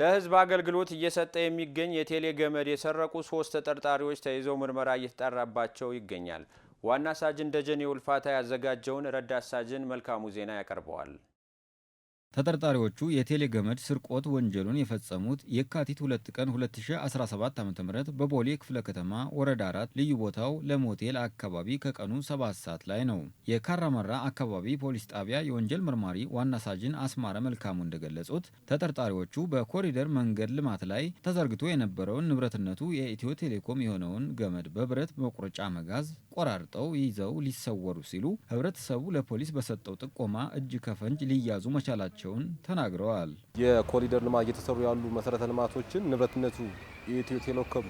ለህዝብ አገልግሎት እየሰጠ የሚገኝ የቴሌ ገመድ የሰረቁ ሶስት ተጠርጣሪዎች ተይዘው ምርመራ እየተጣራባቸው ይገኛል። ዋና ሳጅን ደጀኔ ውልፋታ ያዘጋጀውን ረዳት ሳጅን መልካሙ ዜና ያቀርበዋል። ተጠርጣሪዎቹ የቴሌ ገመድ ስርቆት ወንጀሉን የፈጸሙት የካቲት 2 ቀን 2017 ዓ.ም በቦሌ ክፍለ ከተማ ወረዳ 4 ልዩ ቦታው ለሞቴል አካባቢ ከቀኑ 7 ሰዓት ላይ ነው። የካራመራ አካባቢ ፖሊስ ጣቢያ የወንጀል መርማሪ ዋና ሳጅን አስማረ መልካሙ እንደገለጹት ተጠርጣሪዎቹ በኮሪደር መንገድ ልማት ላይ ተዘርግቶ የነበረውን ንብረትነቱ የኢትዮ ቴሌኮም የሆነውን ገመድ በብረት መቁረጫ መጋዝ ቆራርጠው ይዘው ሊሰወሩ ሲሉ ህብረተሰቡ ለፖሊስ በሰጠው ጥቆማ እጅ ከፈንጅ ሊያዙ መቻላቸው መሆናቸውን ተናግረዋል። የኮሪደር ልማት እየተሰሩ ያሉ መሰረተ ልማቶችን ንብረትነቱ የኢትዮ ቴሌኮም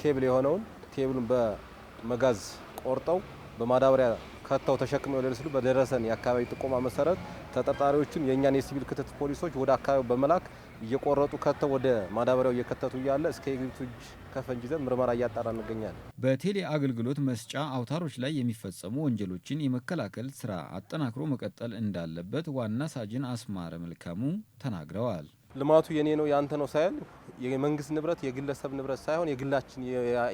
ኬብል የሆነውን ኬብሉን በመጋዝ ቆርጠው በማዳበሪያ ከተው ተሸክመው ሊሄዱ ሲሉ በደረሰን የአካባቢ ጥቆማ መሰረት ተጠርጣሪዎቹን የእኛን የሲቪል ክትት ፖሊሶች ወደ አካባቢው በመላክ እየቆረጡ ከተው ወደ ማዳበሪያው እየከተቱ እያለ እስከ የግብቱ እጅ ከፈንጅ ዘ ምርመራ እያጣራ እንገኛለን። በቴሌ አገልግሎት መስጫ አውታሮች ላይ የሚፈጸሙ ወንጀሎችን የመከላከል ስራ አጠናክሮ መቀጠል እንዳለበት ዋና ሳጅን አስማረ መልካሙ ተናግረዋል። ልማቱ የኔ ነው ያንተ ነው ሳይል የመንግስት ንብረት የግለሰብ ንብረት ሳይሆን የግላችን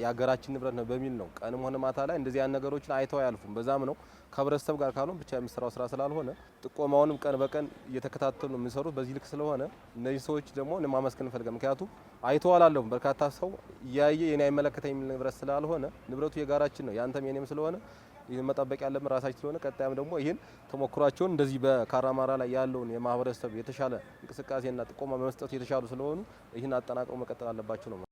የሀገራችን ንብረት ነው በሚል ነው ቀንም ሆነ ማታ ላይ እንደዚህ ያን ነገሮችን አይተው አያልፉም። በዛም ነው ከህብረተሰብ ጋር ካልሆን ብቻ የሚሰራው ስራ ስላልሆነ ጥቆማውንም ቀን በቀን እየተከታተሉ የሚሰሩት በዚህ ልክ ስለሆነ እነዚህ ሰዎች ደግሞ ማመስገን እንፈልጋለን። ምክንያቱም አይተው አላለሁም። በርካታ ሰው እያየ የኔ አይመለከተኝ የሚል ንብረት ስላልሆነ ንብረቱ የጋራችን ነው ያንተም የኔም ስለሆነ ይህን መጠበቅ ያለብን ራሳችን ስለሆነ ቀጣይም ደግሞ ይህን ተሞክሯቸውን እንደዚህ በካራማራ ላይ ያለውን የማህበረሰብ የተሻለ እንቅስቃሴና ጥቆማ በመስጠት የተሻሉ ስለሆኑ ይህን አጠናቅረው መቀጠል አለባቸው ነው።